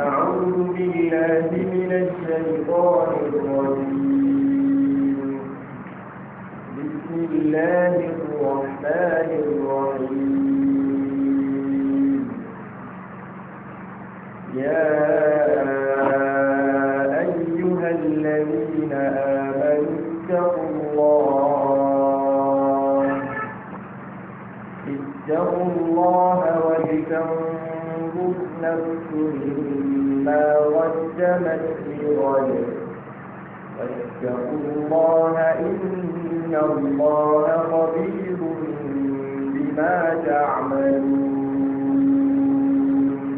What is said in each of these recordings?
أعوذ بالله من الشيطان الرجيم بسم الله الرحمن الرحيم يا أيها الذين آمنوا اتقوا الله اتقوا الله ولتنظر نفس ما قدمت لغد واتقوا الله إن الله خبير بما تعملون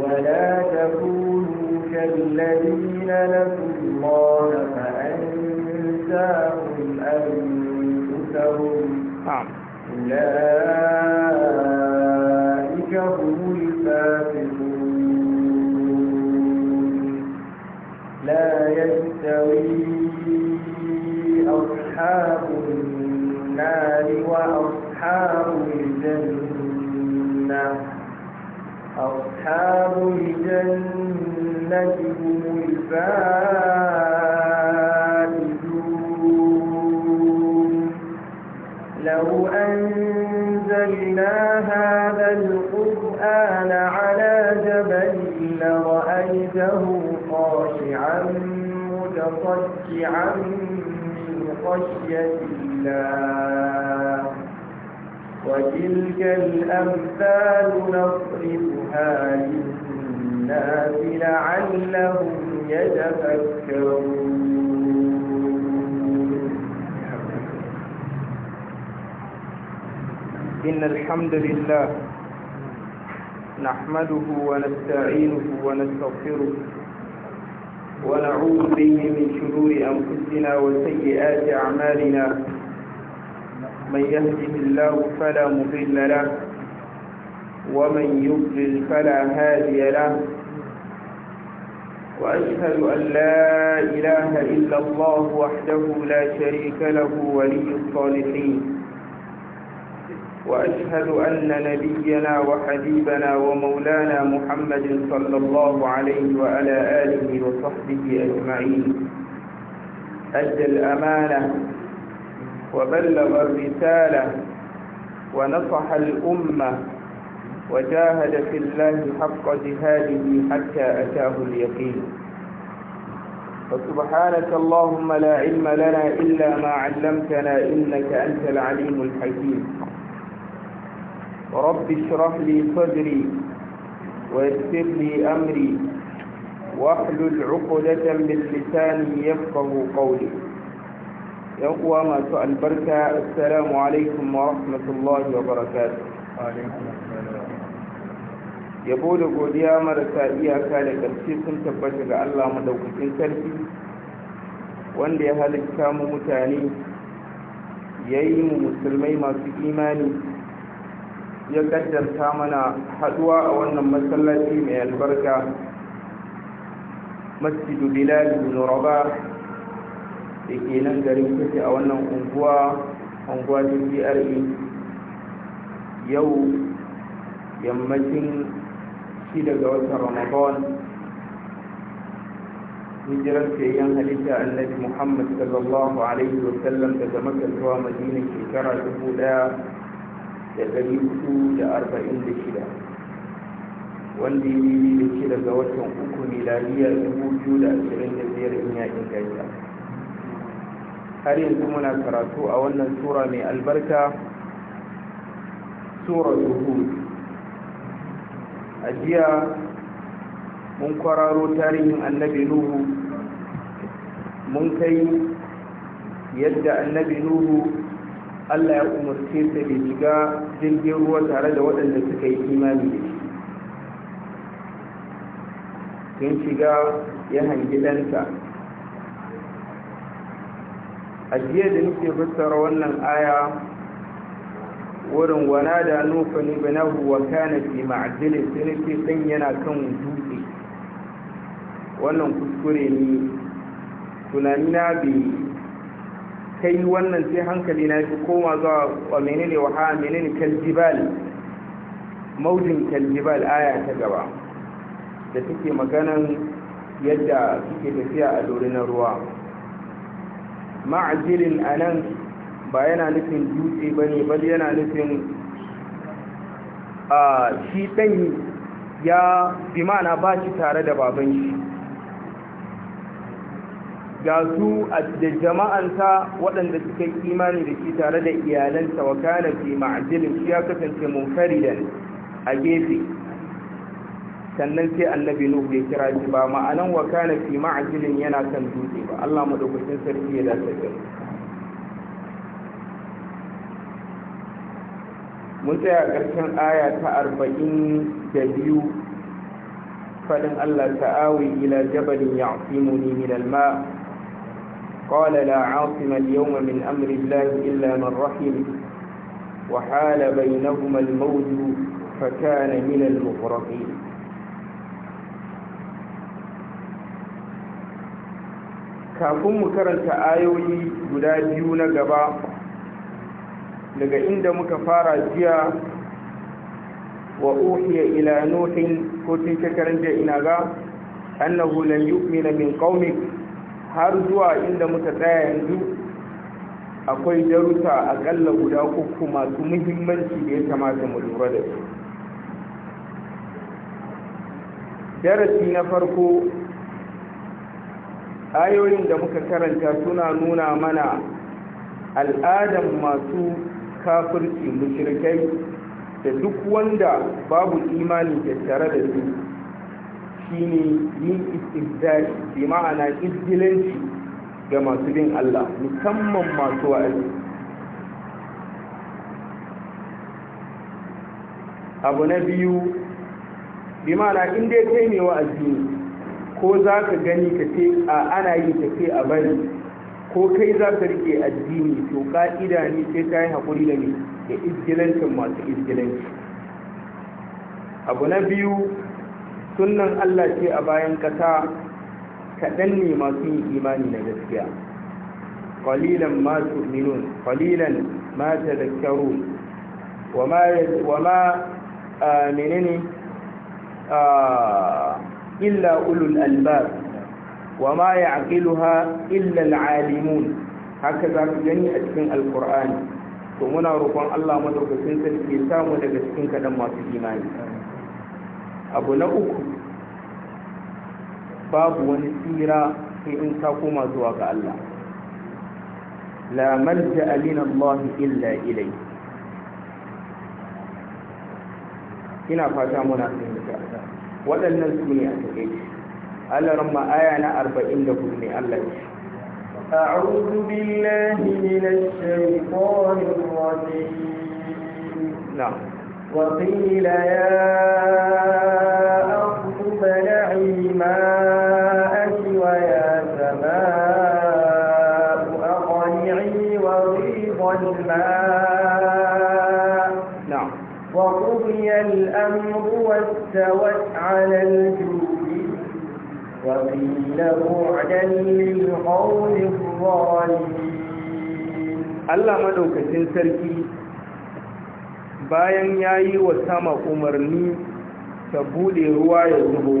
ولا تكونوا كالذين نسوا الله فأنساهم أنفسهم نعم. أولئك أصحاب النار وأصحاب الجنة أصحاب الجنة هم الفائزون لو أنزلنا هذا القرآن على جبل لرأيته خاشعا متصدعا خشية الله وتلك الأمثال نصرفها للناس لعلهم يتفكرون إن الحمد لله نحمده ونستعينه ونستغفره ونعوذ به من شرور أنفسنا وسيئات أعمالنا من يهده الله فلا مضل له ومن يضلل فلا هادي له وأشهد أن لا إله إلا الله وحده لا شريك له ولي الصالحين وأشهد أن نبينا وحبيبنا ومولانا محمد صلى الله عليه وعلى آله وصحبه أجمعين أدى الأمانة وبلغ الرسالة ونصح الأمة وجاهد في الله حق جهاده حتى أتاه اليقين فسبحانك اللهم لا علم لنا إلا ما علمتنا إنك أنت العليم الحكيم رب اشرح لي صدري ويسر لي أمري واحلل عقدة من لساني يفقه قولي يقوى ما سؤال بركة السلام عليكم ورحمة الله وبركاته yabo da godiya marasa iyaka da ƙarshe sun tabbata ga Allah madaukakin sarki wanda ya halitta mu mutane ya yi mu musulmai masu imani ya kaddarta mana haduwa a wannan masallaci mai albarka masjidu bilali bin da ke nan garin kusa a wannan unguwa unguwa ta yau yammacin shi daga watan ramadan hijirar fiyayyen halitta annabi muhammad sallallahu alaihi wasallam daga makar zuwa madina shekara dubu ɗaya da ɗari hudu da arba'in da shida wanda ya yi da shi daga watan uku miladiya dubu biyu da ashirin da biyar in ya inganta har yanzu muna karatu a wannan tura mai albarka tura hud a jiya mun kwararo tarihin annabi nuhu mun kai yadda annabi nuhu Allah ya umarce ta da shiga jirgin ruwa tare da waɗanda suka yi imani da shi sun shiga ya hangi ɗansa a jiya da nake fassara wannan aya wurin wana da nufa ni banahu wa kana fi ma'adilin sun nake ɗan yana kan dutse wannan kuskure ne tunanina bai kai wannan sai hankali na shi koma zuwa wa menene wa ha menene kaljibal maujin kaljibal aya ta gaba da take maganan yadda suke tafiya a na ruwa ma'ajirin a nan ba yana nufin dutse ba ne bal yana nufin a shi ɗan ya bi mana ba shi tare da baban shi ga su da jama'anta waɗanda suka yi imani da shi tare da iyalanta wa kana fi ma'ajilin shi ya kasance munfaridan a gefe sannan sai annabi nuhu ya kira shi ba ma'anan wa kana fi ma'ajilin yana kan dutse ba Allah madaukakin sarki ya dace da mun tsaya ƙarshen aya ta arba'in da biyu fadin Allah ta'awi ila jabalin ya'simuni min al قال لا عاصم اليوم من أمر الله إلا من رحم وحال بينهما الموج فكان من المغرقين kafin mu karanta ayoyi guda biyu na gaba daga inda muka fara jiya wa uhiya ila nuhin ko tun shekarun jiya ina ga annahu lan yu'mina min qaumik har zuwa inda muka tsaya yanzu akwai darussa akalla guda uku masu muhimmanci da ya kamata mu lura da su darasi na farko ayoyin da muka karanta suna nuna mana al'adan masu kafirci mushrikai da duk wanda babu imani tare da su shine yin istihza'i bi ma'ana izgilanci ga masu bin Allah musamman masu wa'azi abu na biyu bi ma'ana in dai kai ne wa'azi ko za ka gani ka ce a ana yi ka ce a bari ko kai za ka rike addini to ka'ida ne sai ta yi haƙuri da ne da izgilancin masu izgilanci abu na biyu sunnan Allah ce a bayan ƙasa kaɗan ne masu yin imani na gaskiya qalilan ma tu'minun qalilan ma tadhakkarun wa ma wa ma menene illa ulul albab wa ma ya ya'qiluha illa alalimun haka za ku gani a cikin alkur'ani to muna roƙon Allah madaukakin sarki ya samu daga cikin kaɗan masu imani abu na uku babu wani tsira sai in ka koma zuwa ga Allah la malja min Allah illa ilai ina fata muna fahimta waɗannan su ne a takaice Allah ramma aya na arba'in da kudu ne Allah ya أعوذ بالله من الشيطان الرجيم نعم وقيل يا أرض بلعي ماءك ويا سماء أقلعي وغيظ الماء نعم وقضي الأمر واستوت على الجود وقيل بعدا للقول الظالمين الله madaukakin سنسركي bayan ya yi wa sama umarni ta bude ruwa ya zubo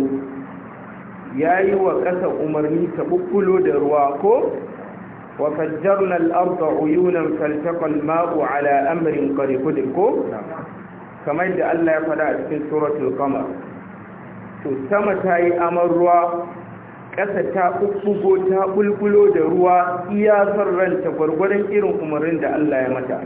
ya yi wa ƙasa umarni ta bukulo da ruwa ko wa na al'arta uyunan faltakon ma'u ala amarin ƙarfi ko kamar da Allah ya fada a cikin suratul kamar to sama ta yi amar ruwa ƙasa ta bubbugo ta bulbulo da ruwa iya son ranta gwargwaron irin umarnin da Allah ya mata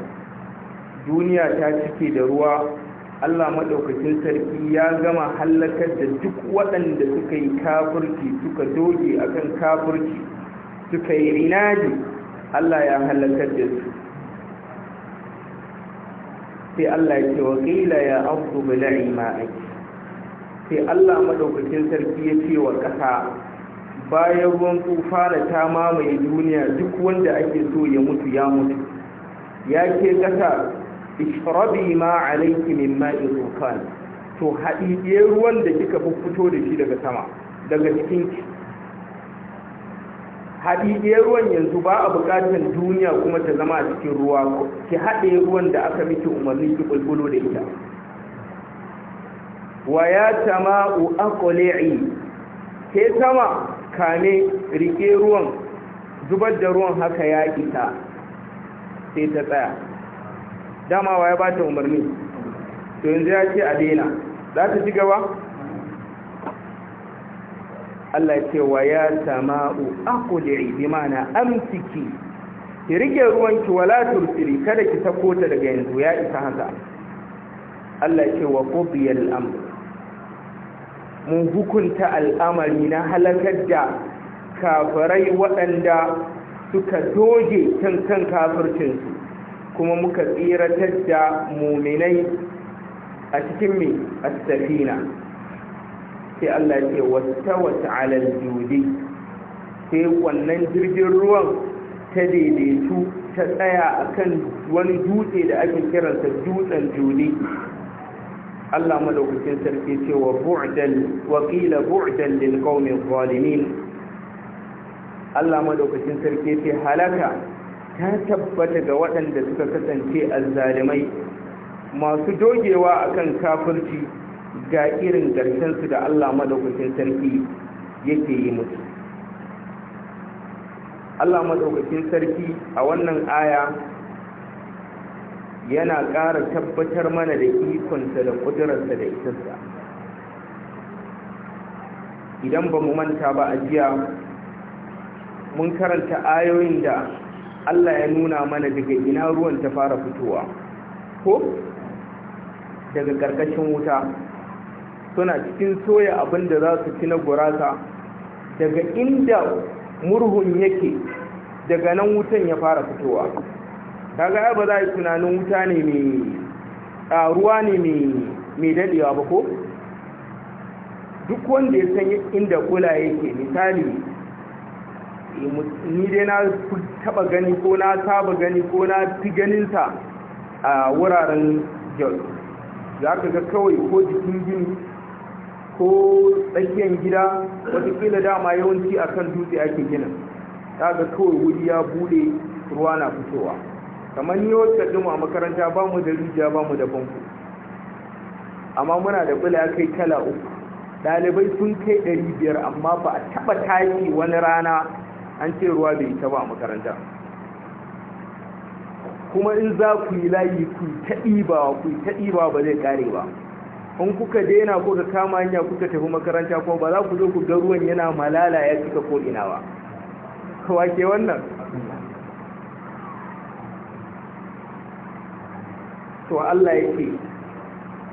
duniya ta cike da ruwa allah maɗaukacin sarki ya gama hallakar da duk waɗanda suka yi kafirci suka doge akan kafirci suka yi rinaji allah ya hallakar da su sai allah ya ce wa ƙila ya abu bala'i ma'aiki sai allah maɗaukacin sarki ya ce wa ƙasa bayan ruwan tsufa da ta mamaye duniya duk wanda ake so ya mutu ya mutu ya ke ƙasa ishrabi ma alayki min ma'in rukan to haɗiɗe ruwan da kika fito da shi daga sama daga cikin ki haɗiɗe ruwan yanzu ba a buƙatar duniya kuma ta zama a cikin ruwa ki haɗe ruwan da aka miki umarni ki bulbulo da ita wa ya tama'u aqli'i ke sama kame rike ruwan zubar da ruwan haka ya ita sai ta tsaya dama wa ya ba ta umarni to yanzu ya ce a daina za ta ci gaba Allah ya ce wa ya sama'u aquli bi ma'ana amsiki ki rike ruwanki wala tursili kada ki sako daga yanzu ya isa haka Allah ce wa qubiyal amr mun hukunta al'amari na halakar da kafirai waɗanda suka doge kan kan kafircinsu kuma muka tsiratar da muminai a cikin mai a safina sai Allah ce wata wata alal judi sai wannan jirgin ruwan ta daidaitu ta tsaya akan wani dutse da ake kiransa dutsen judi Allah madaukakin sarki ce wa bu'dan wa qila bu'dan lil qaumiz zalimin Allah madaukakin sarki ce halaka ta tabbata ga waɗanda suka kasance azzalimai masu dogewa a kan kafirci ga irin su da Allah madaukakin sarki yake yi musu Allah madaukakin sarki a wannan aya yana ƙara tabbatar mana da ikonsa da ƙudurarsa da isarsa idan ba mu manta ba a jiya mun karanta ayoyin da Allah ya nuna mana daga ina ruwan ta fara fitowa ko daga ƙarƙashin wuta suna cikin soya abin da za su ci na gurasa daga inda murhun yake daga nan wutan ya fara fitowa kaga ai ba za a yi tunanin wuta ne mai ruwa ne mai dadewa ba ko duk wanda ya san inda kula yake misali ni dai na taba gani ko na taba gani ko na fi ganinsa a wuraren jos za ka ga kawai ko jikin gini ko tsakiyar gida watakila dama yawanci a kan dutse ake ginin za ka kawai wuri ya bude ruwa na fitowa kamar ni wata a makaranta ba mu da rijiya ba mu da banku, amma muna da bula kai kala uku ɗalibai sun kai biyar amma ba a taɓa tashi wani rana an ce ruwa bai ta ba a makaranta kuma in za ku yi layi ku ta ɗibawa ku ta ba zai ƙare ba in kuka daina ko ka kama hanya kuka tafi makaranta ko ba za ku zo ku ga ruwan yana malala ya cika ko ina ba kawa ke wannan to Allah yake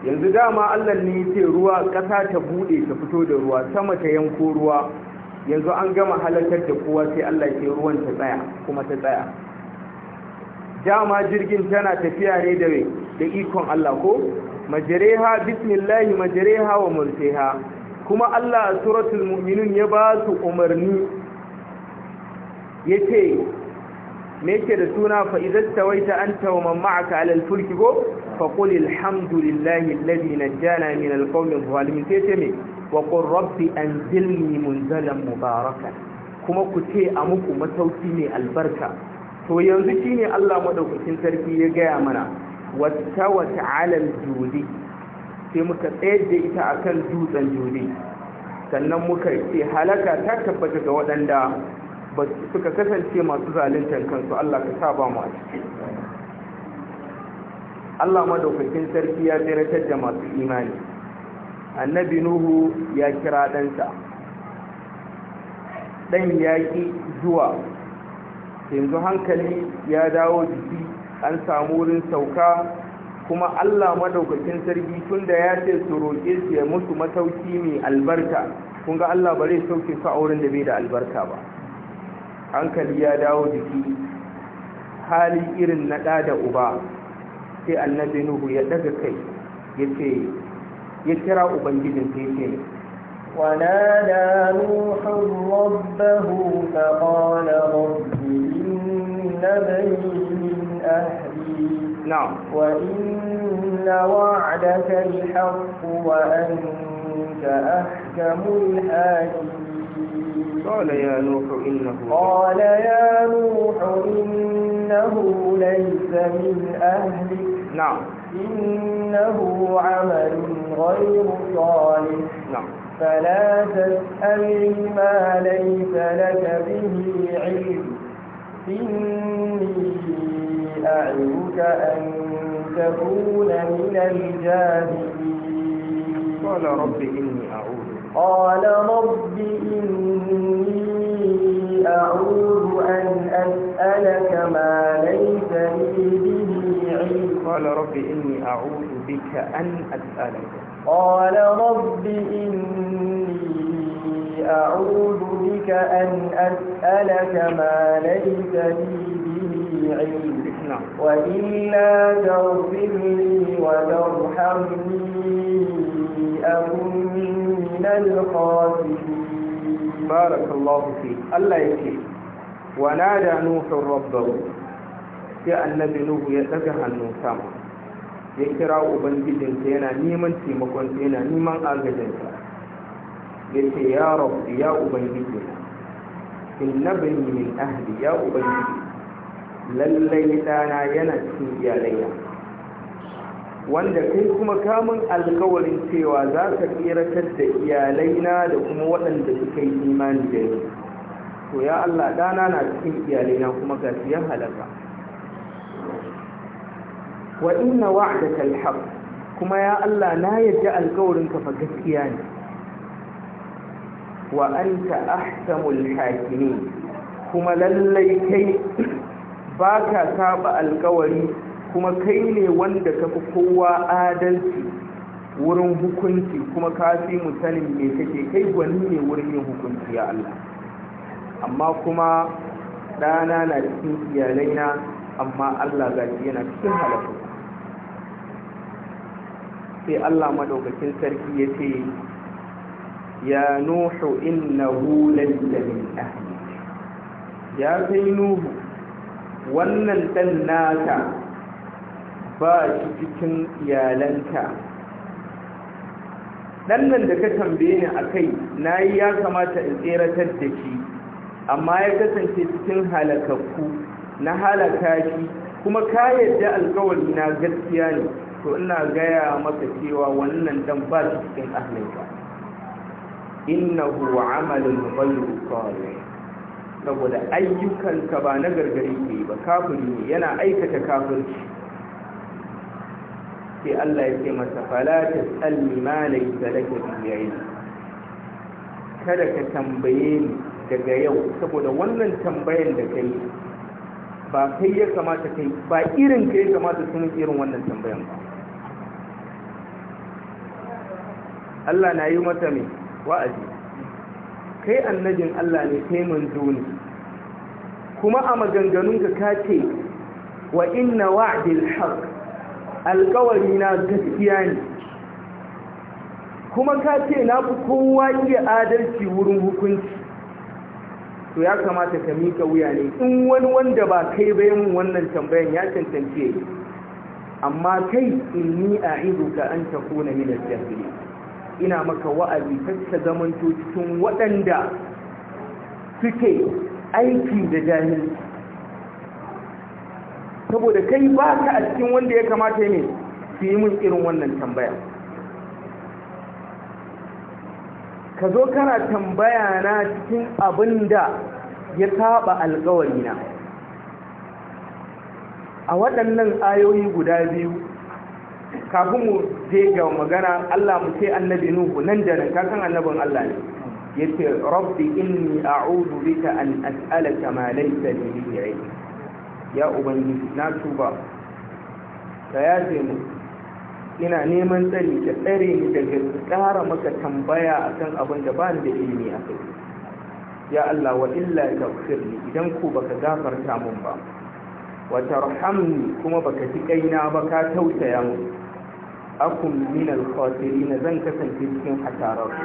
yanzu dama Allah ne yake ruwa ƙasa ta buɗe ta fito da ruwa sama ta yanko ruwa yanzu an gama halakar da kowa sai Allah ke ruwan ta tsaya kuma ta tsaya dama jirgin tana tafiya ne da da ikon Allah ko majareha bismillah majareha wa murtaha kuma Allah a suratul mu'minun ya ba su umarni yace me yake da suna fa idan tawaita anta wa man ma'aka ala al-fulki go fa qul alhamdulillahi alladhi najjana min al-qawmi al-zalimin sai ce me wa qur rabbi anzilni munzalan mubarakan kuma ku ce a muku matauki ne albarka to yanzu shine Allah madaukakin sarki ya gaya mana wattawat ala aljudi sai muka tsayar da ita akan dutsen judi sannan muka ce halaka ta tabbata ga waɗanda ba suka kasance masu zaluntar kansu Allah ka sa ba mu a ciki Allah madaukakin sarki ya tsiratar da masu imani annabi nuhu ya kira ɗansa ɗan ya ƙi zuwa yanzu hankali ya dawo jiki an samu wurin sauka kuma allah madaukakin sarki tunda ya ce su roƙe su ya musu matauki mai albarka kun ga allah ba zai sauke su a wurin da bai da albarka ba hankali ya dawo jiki hali irin na ɗa da uba sai annabi nuhu ya ɗaga kai ya ce ya أبنجد ubangijin ونادى نوح ربه فقال رب إن بني من أهلي نعم وإن وعدك الحق وأنت أحكم الحاكمين قال يا نوح إنه قال يا نوح إنه ليس من أهلك نعم إنه عمل غير صالح نعم فلا تسألني ما ليس لك به علم إني أعدك أن تكون من الجاهلين قال رب إني أعوذ قال رب إني أعوذ أن أسألك ما ليس لي به قال رب إني أعوذ بك أن أسألك قال رب إني أعوذ بك أن أسألك ما ليس لي به علم نعم. وإلا تغفر لي وترحمني أكن من الخاسرين بارك الله فيك الله يكفيك ونادى نوح ربه sai annabi nuhu ya daga hannun sama ya kira ubangijinsa yana neman taimakonsa yana neman agajinsa ya ce ya rabu ya ubangiji inna bani min ahli ya ubangiji lallai ɗana yana cikin iyalayya wanda kai kuma kamun alkawarin cewa za ka tsiratar da iyalaina da kuma waɗanda suka yi imani da ni to ya allah ɗana na cikin iyalaina kuma ga ya halaka wa inna wa'daka alhaq kuma ya Allah na yadda alƙawarin ka fa gaskiya ne wa anta ahkamul hakimin kuma lallai kai baka saba alƙawari kuma kai ne wanda ka kowa adalci wurin hukunci kuma ka fi mu sanin me kake kai gwani ne wurin yin hukunci ya Allah amma kuma ɗana na cikin iyalaina amma Allah zaki yana cikin halafu sai Allah madaukakin sarki ya ce ya nuhu innahu da min ya kai nuhu wannan ɗan nata, ba shi cikin iyalanta. Ɗan nan da ka tambaye ni a kai na yi ya kamata in tseratar da shi amma ya kasance cikin halakakku na halaka shi kuma ka yadda alkawari na gaskiya ne to ina gaya maka cewa wannan dan ba shi cikin ahlinka innahu amalun ghayru salih saboda ayyukanka ba na gargari ne ba kafiri ne yana aikata kafirci sai Allah ya ce masa fala tasalli ma laysa laka bihi kada ka tambaye ni daga yau saboda wannan tambayan da kai ba kai ya kamata kai ba irin ka ya kamata su muke irin wannan tambayan ba Allah na yi mata mai wa'azi kai annajin Allah ne kai manzo ne kuma a maganganunka ka ce wa inna wa'dil haqq alƙawari na gaskiya ne kuma ka ce na fi kowa iya adalci wurin hukunci to ya kamata ka mika wuya ne in wani wanda ba kai bayan wannan tambayan ya yi, amma kai in inni a'iduka an takuna min al-jahili ina maka wa'azi kacce zamanto cikin waɗanda suke aiki da jahilci saboda kai ba ka a cikin wanda ya kamata ne su yi mun irin wannan tambaya ka zo kana tambaya na cikin abin da ya taɓa alkawarina a waɗannan ayoyi guda biyu kafin mu je ga magana Allah mu ce annabi Nuhu nan da nan kakan annabin Allah ne ya ce, rabbi inni a'udhu bika an as'alaka ma laysa li bihi ya ubangiji na tuba ka yace mu ina neman tsari ka tsare ni daga ƙara maka tambaya akan abin da ba ni da ilimi a kai ya Allah wa illa tafsirni idan ku baka gafarta mun ba wa tarhamni kuma baka ji kaina ba ka tausaya mun akum min al zan kasance cikin hasarar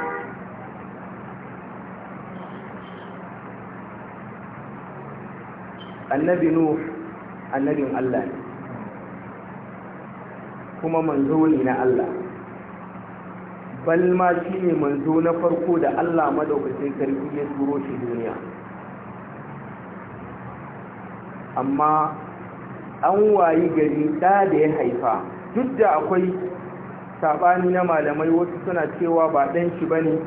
annabi nuh annabin Allah ne kuma manzo ne na Allah balma ma shi ne manzo na farko da Allah madaukakin sarki ya turo shi duniya amma an wayi gari da da ya haifa duk da akwai sabani na malamai wasu suna cewa ba ɗan shi ba ne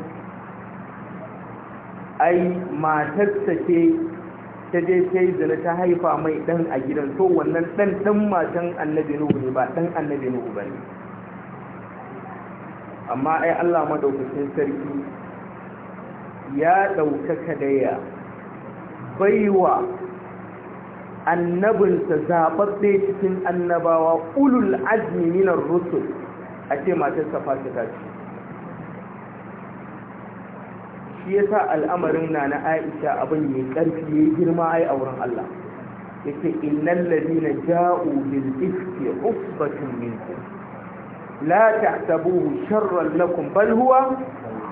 ai matarsa ce ta je ta yi zina ta haifa mai dan a gidan to wannan dan dan matan annabi nuhu ne ba dan annabi nuhu ba ne amma ai allah maɗaukacin sarki ya ɗaukaka da ya baiwa annabinsa zaɓaɓɓe cikin annabawa ulul azmi minar rusul a ce matarsa ta ce shi ya sa al'amarin na na aisha abin mai ƙarfi ya yi girma a wurin Allah ya ce innan lalzi na ja'u bil iske usbatun minku la ta tabu sharron lakun balhuwa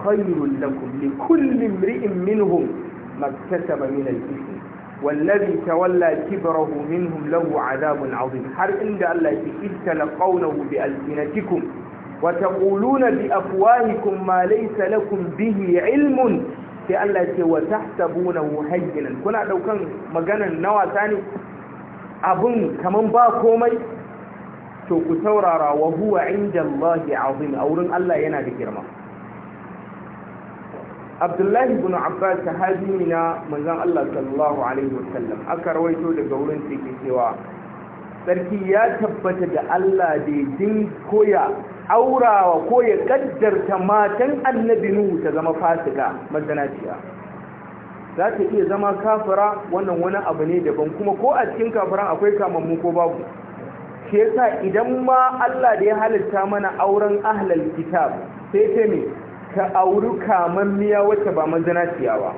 khairun lakun li kullum ri'in minhum maktata ba min al'isi wallazi ta walla kibarahu minhum lahu azabun azim har inda Allah ya ce ita la kaunahu bi alfinatikum وتقولون بأفواهكم ما ليس لكم به علم sai Allah ce wa tahsabunahu hayyinan kuna daukan maganan na wasa abun kaman ba komai to ku saurara wa huwa indallahi azim a wurin Allah yana da girma Abdullahi ibn Abbas sahabi ne na manzon Allah sallallahu alaihi wasallam aka rawaito daga wurin sai cewa sarki ya tabbata da Allah da din koya aurawa ko ya kaddarta matan annabi nuhu ta zama fasika mazanaciya za ta iya zama kafira wannan wani abu ne daban kuma ko a cikin kafiran akwai kamammu ko babu Ke sa idan ma Allah da ya halitta mana auren ahlal kitab sai ta ne ka auri kamammiya wacce ba mazanaciya ba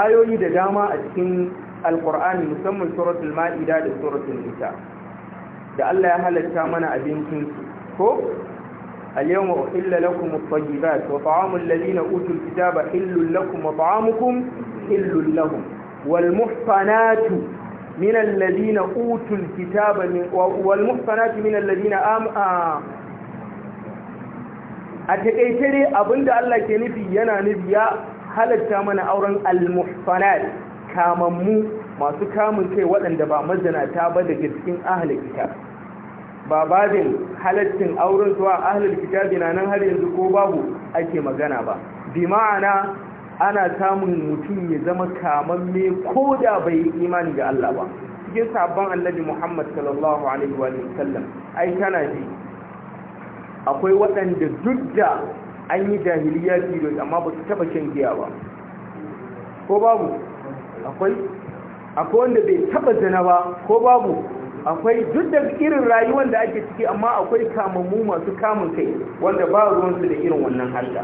ayoyi da dama a cikin alkur'ani musamman suratul ma'ida da suratul nisa da Allah ya halatta mana abincin ko alyawma uhilla lakum at-tayyibat wa ta'amu alladhina utul kitaba illul lakum wa ta'amukum illul lahum wal muhsanatu min alladhina utul kitaba wal muhsanatu min alladhina amaa atakaice dai abinda Allah ke nufi yana nufi ya halatta mana auren al-muhsanat mu. masu kamun kai waɗanda ba ta ba daga cikin ahalar kitab ba babin halittin auren zuwa ahalar kitabi na nan har yanzu ko babu ake magana ba bi ma'ana ana samun mutum ya zama kamamme ko da bai yi imani ga Allah ba cikin sabon annabi Muhammad sallallahu alaihi wa sallam ai kana ji akwai waɗanda duk da an yi jahiliya fi amma ba su taɓa shan giya ba ko babu akwai akwai wanda bai taba zina ba ko babu akwai duk da irin rayuwar da ake ciki amma akwai kamammu masu kamun kai wanda ba ruwansu da irin wannan harka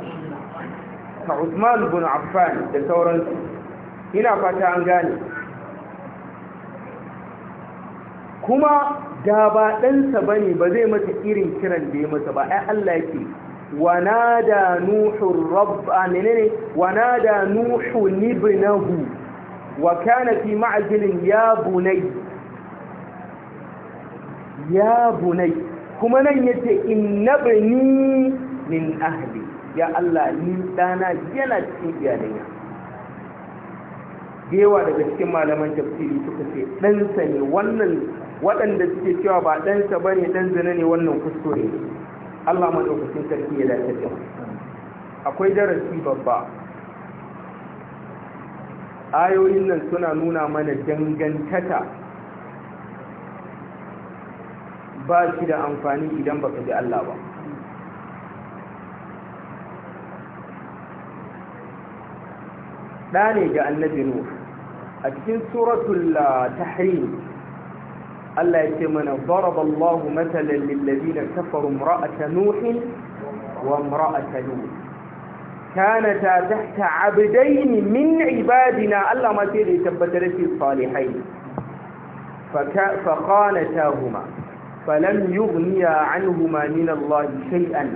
ka Usman bin Affan da sauransu ina fata an gane kuma da ba ɗansa ba ne ba zai mata irin kiran da ya mata ba ai Allah yake wana da nuhun rabba menene wana da nuhun ibnahu wa kana fi ma'ajilin ya bunai ya bunai kuma nan yace bani min ahli ya Allah ni dana yana cikin iyalina Gewa daga cikin malaman tafsiri suka ce ɗansa ne wannan waɗanda suke cewa ba ɗansa ba ne ɗan zina ne wannan ne. Allah maɗaukacin sarki ya dace akwai darasi babba ayoyin nan suna nuna mana dangantaka ba shi da amfani idan baka ji Allah ba ɗane ne ga annabi Nuhu, a cikin suratul ah, tahrim Allah ya ce mana daraba Allahu matalan lil ladina kafaru imra'ata nuh wa imra'ata lut kanata tahta abdaini min ibadina Allah ma sai da tabbatar da salihai fa qanatahuma falam yughniya anhuma min Allah shay'an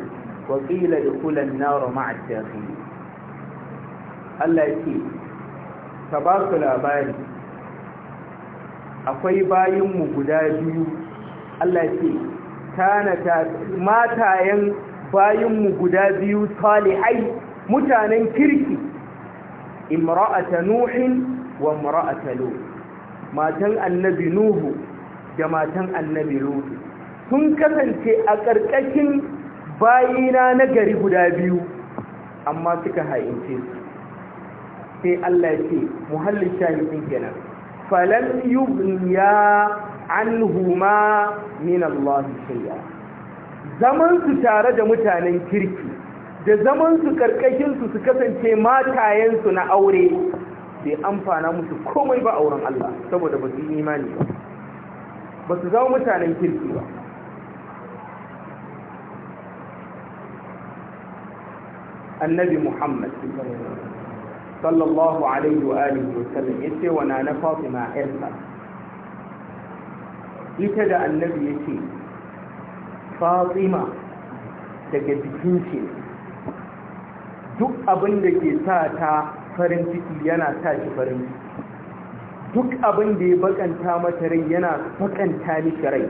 wa qila dukhula an-nar ma'a at-taqin Allah yake ka ba su labari akwai bayinmu guda biyu Allah ce kanata matayen bayinmu guda biyu salihai mutanen kirki imra'ata nuhin wa imra'ata lut matan annabi nuhu da matan annabi lut sun kasance a ƙarƙashin bayina na gari guda biyu amma suka haince su sai Allah ya ce muhallin shahidin kenan falan yubniya anhuma min Allah shay'a zaman su tare da mutanen kirki da zaman su karkashin su su kasance matayen su na aure bai amfana musu komai ba auren Allah saboda ba su yi imani ba ba su zama mutanen kirki ba annabi Muhammad sallallahu alaihi wa alihi wa sallam yace wa na Fatima ƴarsa ita da annabi yace Fatima daga jikin ce duk abin da ke sa ta farin ciki yana sa shi farin ciki duk abin da ya bakanta mata rai yana bakanta miki rai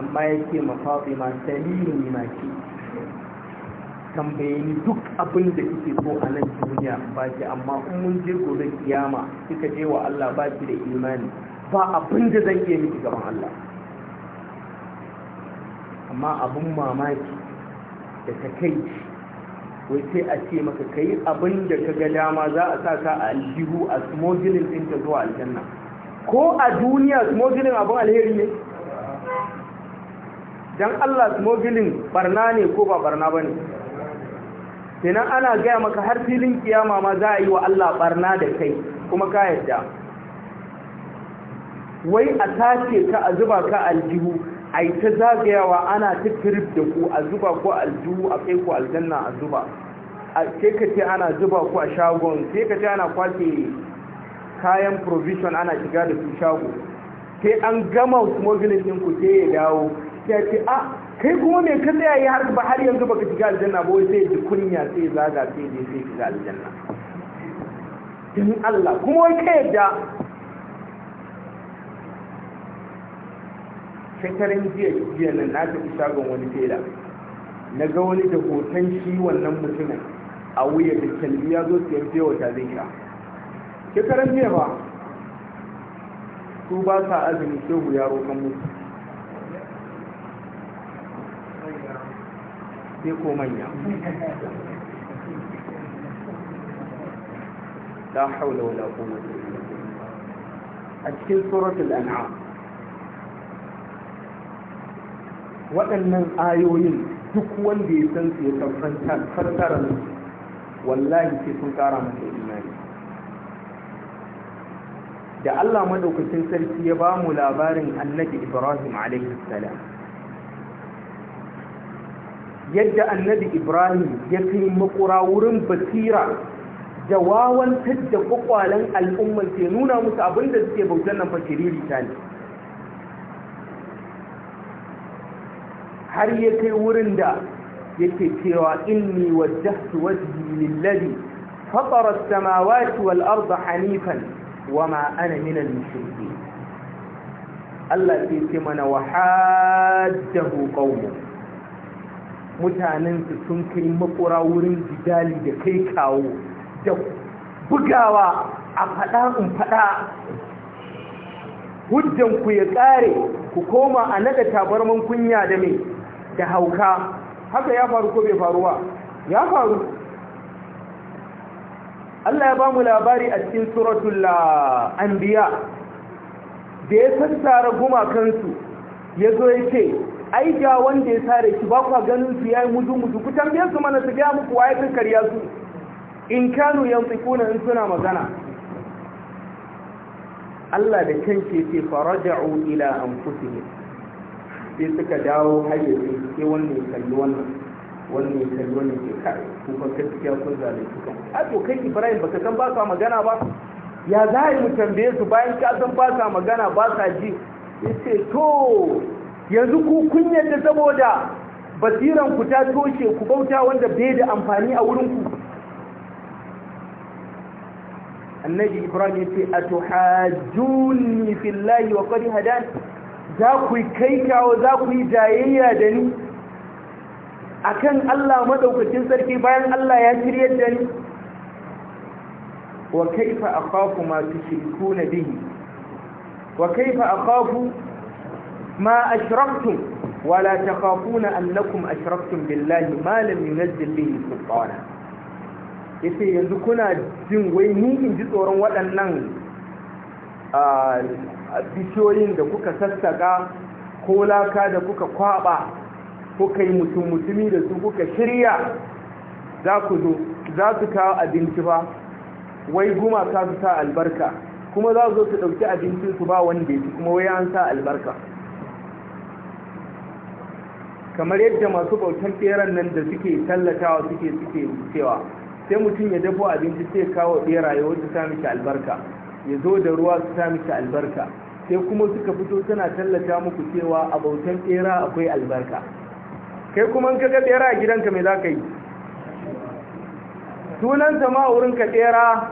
amma yake mafafi ma salirin maki tambaye ni duk abin da kike so a nan duniya ba ki amma in mun je gobe kiyama kika je wa Allah ba ki da imani ba abin da zan iya miki gaban Allah amma abin mamaki da kai. wai sai a ce maka ka yi abin da ka ga dama za a sa ka a aljihu a Smogilin din ta zuwa aljanna ko a duniya Smogilin abin alheri ne Don Allah Smogilin barna ne ko ba barna ba Sai nan ana gaya maka har filin kiyama ma za a yi wa Allah barna da kai kuma ka yadda wai a tace ka a zuba ka aljihu a yi ta zagayawa ana ta firif da ku a zuba ko aljihu a kai ku aljanna a zuba sai ka ana zuba ku a shagon sai kace ana kwace kayan provision ana shiga da su shago sai an gama smuggling ku sai ya dawo sai ce a ah, kai kuma me ka tsaya yi har ba har yanzu baka shiga aljanna ba wai sai ji kunya sai zaga sai je sai shiga aljanna in Allah kuma wai ka da. shekarun jiya jiya nan na tafi shagon wani tela na ga wani da hoton shi wannan mutumin a wuya da kyalli ya zo siyan fiye wata zai sha shekarun jiya ba su ba sa azumi shehu yaro roƙon mutu sai ko manya la hau wala quwwata illa billah a cikin suratul an'am waɗannan ayoyin duk wanda ya san su ya san karkarar wallahi ce sun kara masa imani da Allah madaukakin sarki ya ba mu labarin annabi Ibrahim alaihi salam yadda annabi Ibrahim ya kai makura wurin basira da wawantar da kwakwalen al'ummar ke nuna musu abinda suke bautan nan fa shiriri ta ne har ya kai wurin da yake cewa inni wajjahtu wajhi lillazi fatara as-samawati wal arda hanifan wama ana min al-mushrikeen Allah sai ce mana wa qawmu mutanen su sun kai makura wurin jidali da kai kawo da bugawa a fada in fada hujjan ku ya kare ku koma a nada tabarman kunya da mai da hauka haka ya faru ko bai faruwa ya faru Allah ya ba mu labari a cikin suratul ah, anbiya da ya sassara gumakansu ya zo ya ce ai ga wanda ya sare shi ba kwa ganin su yayi mudu mudu ku tambaye su mana su ga muku waye kan kariya su in kanu yantikuna in suna magana Allah da kanke ce faraja'u ila anfusihim sai suka dawo hayyaci sai wannan ya kalli wannan wannan ya kalli wannan ke kai kuka gaskiya kun su kan a to kai ibrahim baka san ba sa magana ba ya za a yi mu tambaye su bayan ka san ba sa magana ba sa ji ce to yanzu ku kun yadda saboda basiran ku ta toshe ku bauta wanda bai da amfani a wurin ku annabi ibrahim ya yace atuhajjuni fillahi wa qad hadani za ku yi kai kawo za ku yi jayayya da ni A kan Allah madaukakin sarki bayan Allah ya shirya da ni wa kaifa a masu shirku na bihi wa kaifa a akhafu ma ashraktum wa la takhafuna annakum ashraktum billahi ma lam yunzil bihi sultana yace yanzu kuna jin wai ni in ji tsoron waɗannan ah, bishiyoyin da kuka sassaka ko laka da kuka kwaba kuka yi mutum mutumi da su kuka shirya za ku zo za su kawo abinci ba wai ka su sa albarka kuma za su zo su ɗauki abincinsu ba wanda ya ci kuma wai an sa albarka kamar yadda masu bautan ɓeran nan da suke tallatawa suke suke cewa sai mutum ya dafo abinci sai kawo ɓeraye wata sa miki albarka ya zo da ruwa su sa miki albarka sai kuma suka fito tana tallata muku cewa a bautan tsera akwai albarka kai kuma in kaga tsera a gidanka me za ka yi sunansa ma wurin ka tsera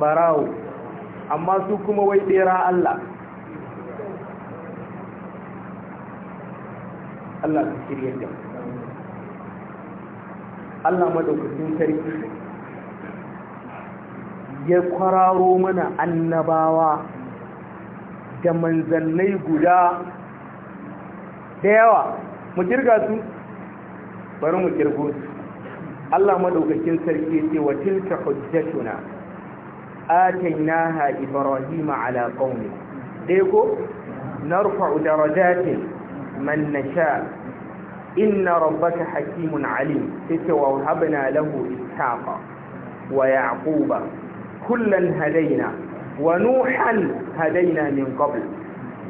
barawo amma su kuma wai tsera Allah Allah ka shirya da Allah madaukakin sarki ya kwararo mana annabawa da manzannai guda da yawa mu kirga su bari mu kirgo su Allah maɗaukakin sarki ce wa tilka hujjatuna atainaha ibrahima ala qaumi dai ko narfa'u darajatin man nasha inna rabbaka hakimun alim sai wa habna lahu ishaqa wa yaquba كلا هدينا ونوحا هدينا من قبل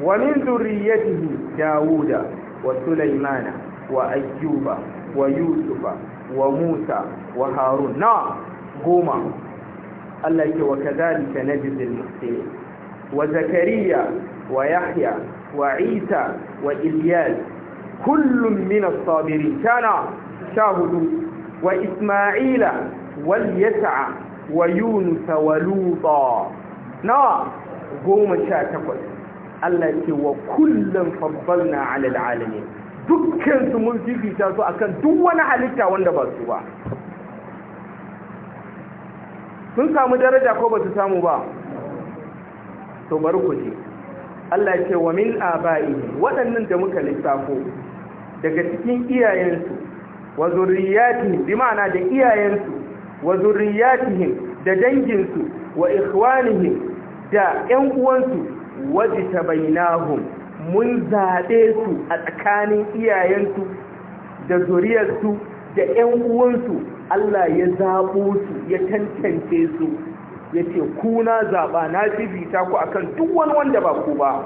ومن ذريته داود وسليمان وأيوب ويوسف وموسى وهارون نعم قوما الله وكذلك نجد المحسنين وزكريا ويحيى وعيسى وإلياس كل من الصابرين كان شاهدوا وإسماعيل واليسع wa yunusa wa luta na goma sha takwas Allah ce wa kullum fabbalna alal alami dukkansu mun fifita su akan duk wani halitta wanda ba su ba sun samu daraja ko ba su samu ba to bari ku ji Allah ce wa min aba'i waɗannan da muka lissafo daga cikin iyayensu wa zurriyati bi ma'ana da iyayensu wa zurriyatihim da danginsu wa ikhwanihim da ƴan uwansu wajtabainahum mun zaɓe su a tsakanin iyayensu da zuriyarsu da ƴan uwansu Allah ya zaɓo su ya tantance su ya ce ku na zaɓa na fifita ku akan duk wani wanda ba ku ba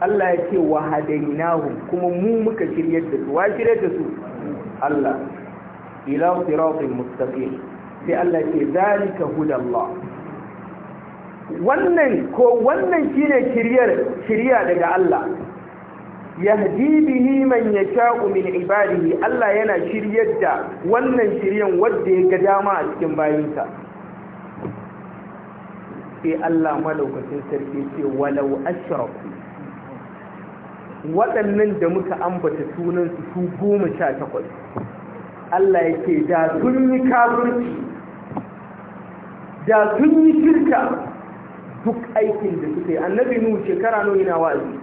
Allah ya ce wa hadainahum kuma mu muka kiryar da su wa kiryar da su Allah ila siratin mustaqim sai Allah ke zalika hudallah wannan ko wannan shine kiriyar kiriya daga Allah yahdi bihi man yasha'u min ibadihi Allah yana shiryar da wannan shiryan wanda ya ga dama a cikin bayinsa sai Allah malaukacin sarki ce walau ashraku waɗannan da muka ambata sunan su goma sha takwas Allah yake da sun yi kafirci da sun yi shirka duk aikin da suka yi annabi nuhu shekara nawa na wa'azi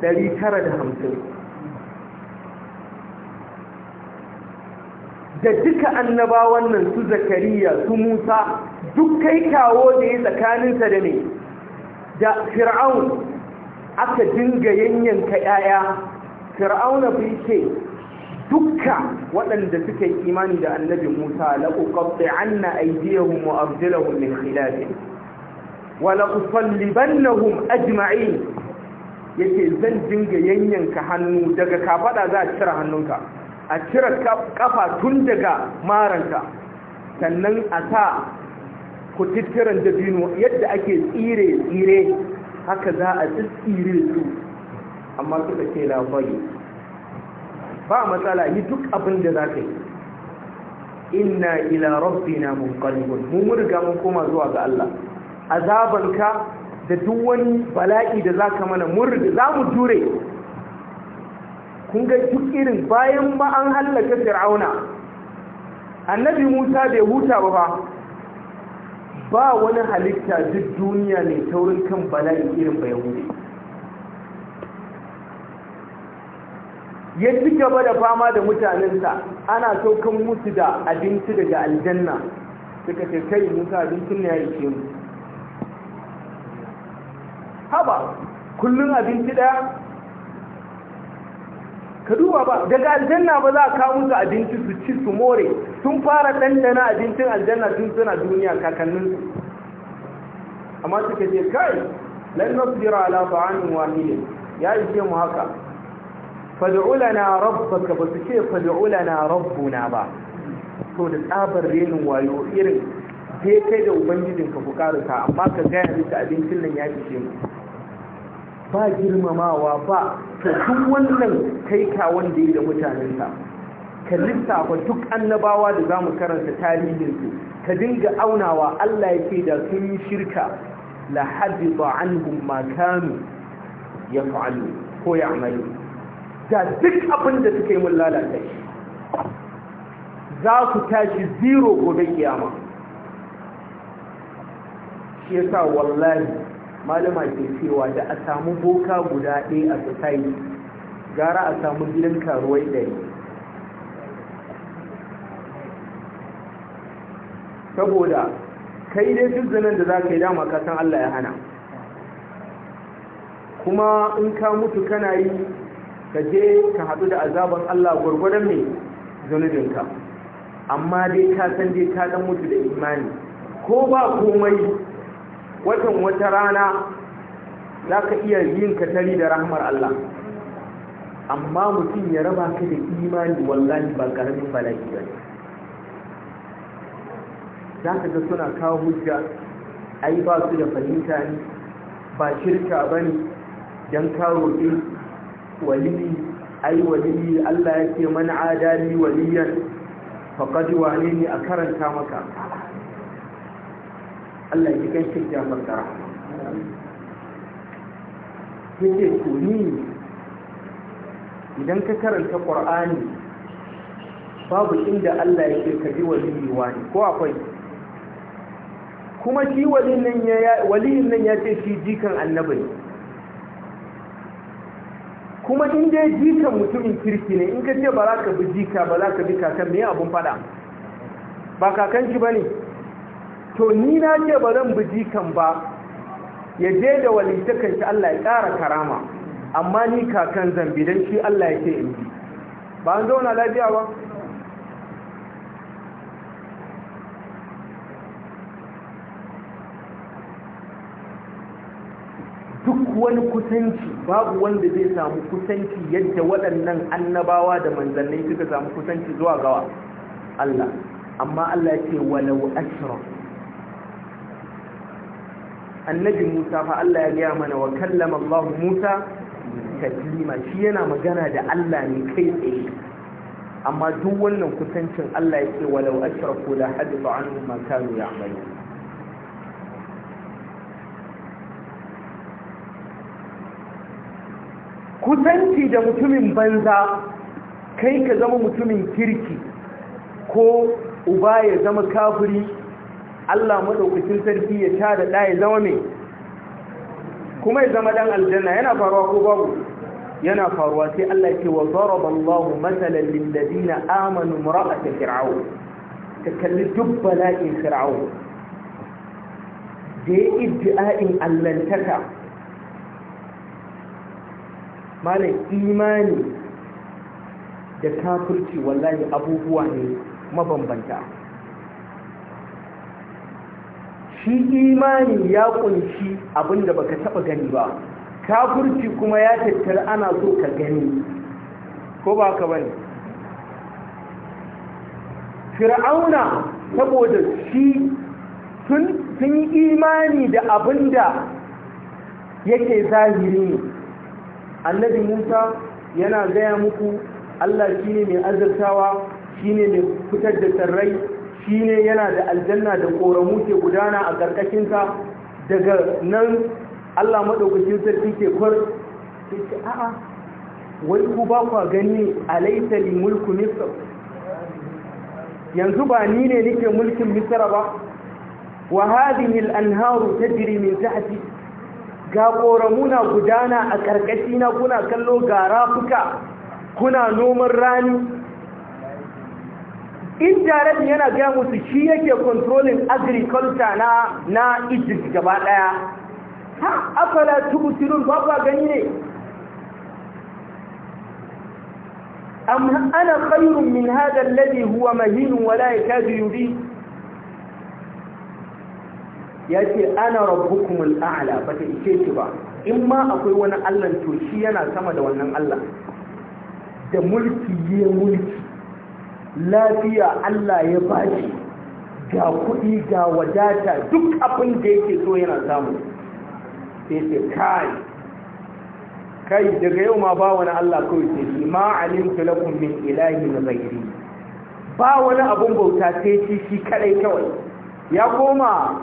950 da duka Annaba wannan su zakariya su musa duk kai kawo da ya tsakaninsa da ne da fir'aun aka dinga yanyanka 'ya'ya fir'auna fi ce dukka waɗanda suka yi imani da annabi Musa la uqatti anna aydiyahum wa arjulahum min khilafin wa la usallibannahum ajma'in yake zan dinga yanyanka hannu daga kafaɗa za a cire hannunka a cire kafa tun daga maranka sannan a sa kututturen dabino yadda ake tsire tsire haka za a tsire su amma suka ce labari ba matsala yi duk abin da za ka yi inna ila rabbina munqalibun mun murga mun koma zuwa ga Allah azabanka da duk wani bala'i da ka mana murga, za mu jure kun ga duk irin bayan ba an halaka fir'auna annabi Musa bai huta ba ba ba wani halitta duk duniya ne taurin kan bala'i irin bayan huta ya ci gaba da fama da mutanensa ana saukan musu da abinci daga aljanna suka ce kai musa abincin ne ya yi mu haba kullum abinci daya ka duba ba daga aljanna ba za a kawo musu abinci su ci su more sun fara ɗanɗana abincin aljanna tun suna duniya kakanninsu amma suka ce kai su jira ala ta'amin wahilin ya ce mu haka fad'ulana rabbaka ba su ce na rabbuna ba so da tsabar renin wayo irin sai kai da ubangijin ka karuka amma ka gaya musu abincin nan ya ishe mu ba girmamawa ba to duk wannan kai ka wanda yi da mutanensa ka lissafa duk annabawa da za mu karanta tarihinsu ka dinga aunawa Allah ya ce da sun yi shirka la ba anhum ma kanu fa'alu ko ya amalu da duk abin da suka yi mun lalata shi za ku tashi zero gobe kiyama shi yasa wallahi malama ke cewa da a samu boka guda ɗaya a society gara a samu gidan karuwai ɗari saboda kai dai duk zanen da za ka yi dama kasan Allah ya hana kuma in ka mutu kana yi ka je ka haɗu da azaban Allah gwargwadon mai zunubinka amma dai ka san dai ka dan mutu da imani ko ba komai watan wata rana za ka iya yin katari da rahmar Allah amma mutum ya raba ka da imani wallahi ba karamin bala'i ba za ka ga suna kawo hujja ai ba su da fahimta ne ba shirka ba ne don kawo wali ai wali Allah ya ce man adali waliyan faqad wane ne a karanta maka Allah yake kan shirya maka yake kuni idan ka karanta Qur'ani babu inda Allah yake ji wali wani ko akwai kuma shi wali nan ya ce shi jikan annabi ne kuma in dai jika mutumin kirki ne in ka ce ba za ka bi jika ba za ka bi kakan mai abun fada ba kakan ki ba ne to ni na ce ba zan bi jikan ba ya je da walitakan shi Allah ya ƙara karama amma ni kakan zambi don shi Allah ya ce in bi ba an zauna lafiya ba duk wani kusanci babu wanda zai samu kusanci yadda waɗannan annabawa da manzannai suka samu kusanci zuwa gawa Allah amma Allah ce walau ashra annabi Musa fa Allah ya gaya mana wa kallama Allah Musa taklima shi yana magana da Allah ne kai tsaye amma duk wannan kusancin Allah ya ce walau ashra ko la hadu anhu ma kanu ya'malun kusanci da mutumin banza kai ka zama mutumin kirki ko uba ya zama kafuri. Allah maɗaukacin sarki ya sha da ya zama mai kuma ya zama dan aljanna yana faruwa ko babu yana faruwa sai Allah ke ce wa daraba Allahu masalan lil ladina amanu ta kalli duk bala'in fir'au da ya iddi'a'in allantaka malam imani da kafirci wallahi abubuwa ne mabambanta shi imani ya kunshi abinda baka taba gani ba kafirci kuma ya tattara ana so ka gani ko ba ka bane fir'auna saboda shi sun yi imani da abinda yake zahiri ne annabi musa yana gaya muku allah shine mai azurtawa shine mai fitar da tarrai, shine yana da aljanna da koramu ke gudana a ƙarƙashinsa daga nan allah maɗaukacin sarki ke kwar ke ce a'a wani ku ba kwa gani a mulkin yanzu ba ni ne nake mulkin misra ba wa hadhihi al-anharu tajri min tahti ga ƙoramu na gudana a ƙarƙashi na kuna kallo ga rafuka kuna noman rani indirect yana gaya musu shi yake controlling agriculture na na Egypt gaba ɗaya. ha afala tubsirun ba gani ne amma ana khairun min hada alladhi huwa mahin wa la yakadu yudi ya ce ana rabbukumul al'ala ba ta ishe shi ba in ma akwai wani allah to shi yana sama da wannan allah da mulki ya mulki lafiya allah ya bashi ga kuɗi ga wadata duk abin da yake so yana samu sai ce kai kai daga yau ma ba wani allah kawai ce shi ma alim min ilahi na ba wani abin bauta sai shi shi kadai kawai ya koma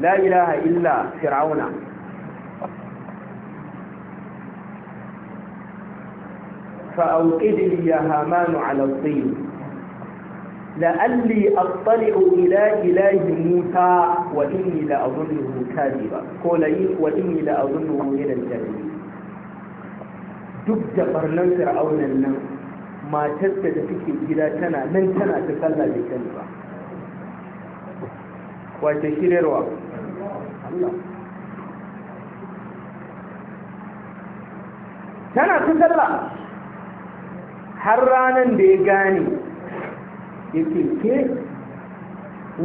لا إله إلا فرعون فأوقد لي يا هامان على الطين لألي أطلع إلى إله موسى وإني لأظنه كاذبا قولي وإني لأظنه من الكاذبين دبت فرنان فرعون fir'aunan ما تسجد فيك إلى تنا من تنا تسلى ta وتشير da Allah tana ta har ranar da ya gane ya ke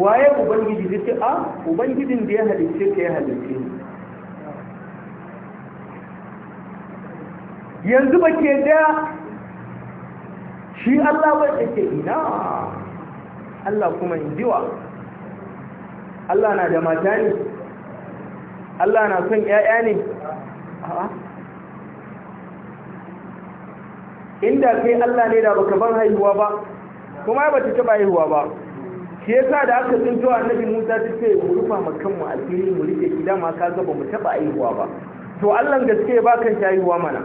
waye ubangiji zai a ubangijin da ya halice ka ya halice yanzu ba ke da shi Allah ba ya ke ina Allah kuma in Allah na da mata ne Allah na son ƴaƴa ne inda kai Allah ne da baka ban haihuwa ba kuma ba ta taba haihuwa ba shi yasa da aka tsinto annabi Musa ta ce mu rufa ma kanmu asiri mu rike gida ma ka ga ba mu taba haihuwa ba to Allah gaske ba kan haihuwa mana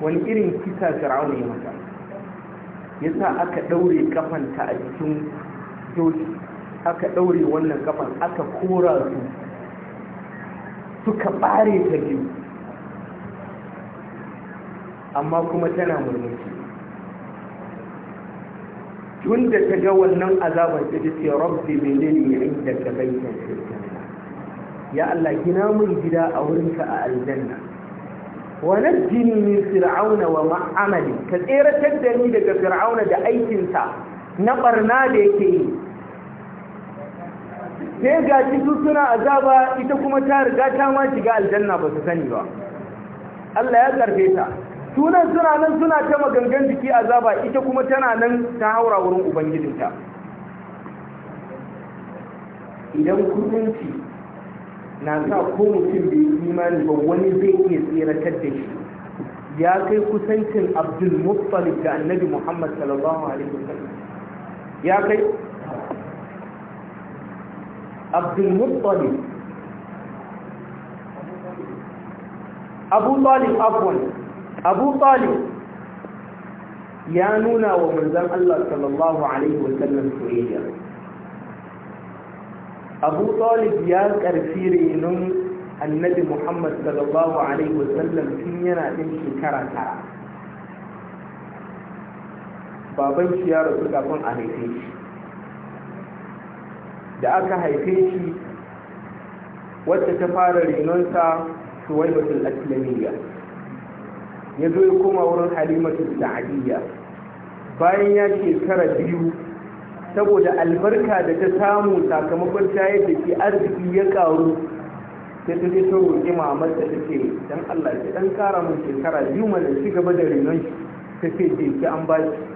wani irin kisa Fir'aun ya mata yasa aka daure kafanta a cikin doki aka ɗaure wannan kafan aka kora su suka ɓare ta biyu amma kuma tana murmushi tun da ta ga wannan azabar ta ce rabbi menene ne inda ka bayyana ya Allah gina mun gida a wurinka a aljanna wa najjini min fir'auna wa ma'amali ka tseratar da ni daga fir'auna da aikinsa na barna da yake yi sai ga shi su suna azaba ita kuma ta riga ta ma shiga aljanna ba su sani ba Allah ya karfe ta sunan suna nan suna ta magangan jiki azaba ita kuma tana nan ta haura wurin ubangijinta idan kudinci na sa ko mutum yi imani ba wani zai iya tseratar da shi ya kai kusancin abdul muttalib da annabi muhammad sallallahu alaihi wasallam ya kai abdulmuttalib abu talib afwan abu talib ya nuna wa manzon Allah sallallahu alaihi soyayya abu talib ya karfi renon annabi muhammad sallallahu alaihi tun yana ɗin shekara tara baban shi ya rasu kafin a haife shi da aka haife shi wacce ta fara renonsa suwaibatul aslamiyya ya zo ya koma wurin halimatul sa'adiyya bayan ya shekara biyu saboda albarka da ta samu sakamakon shayar da ke arziki ya karu sai ta ta roƙi mamar da ta ce don Allah ta ɗan kara mun shekara biyu mana ci gaba da renon shi ta ce ce an ba shi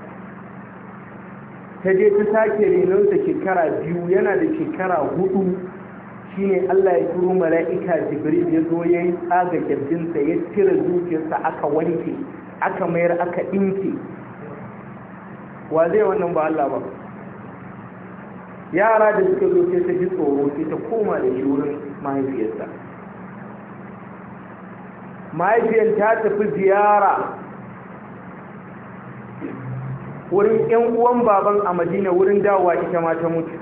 ta je ta sake renonsa shekara biyu yana da shekara hudu shine Allah ya turo mala'ika jibril ya zo ya yi tsaga kirjinsa ya cire zuciyarsa aka wanke aka mayar aka ɗinke wa zai wannan ba Allah ba yara da suka zo sai ta ji tsoro sai ta koma da shi wurin mahaifiyarsa mahaifiyar ta tafi ziyara wurin yan uwan baban a madina wurin dawowa ita ma ta mutu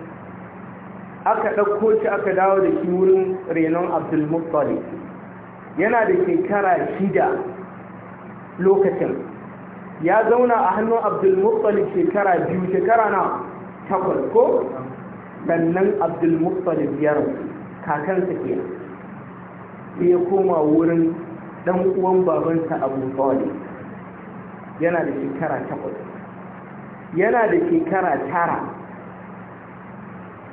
aka ɗauko shi aka dawo da shi wurin renon abdulmuttali yana da shekara shida lokacin ya zauna a hannun abdulmuttali shekara biyu shekara na takwas ko sannan abdulmuttali biyar kakansa ke sai ya koma wurin ɗan uwan babansa abu yana da shekara takwas yana da shekara tara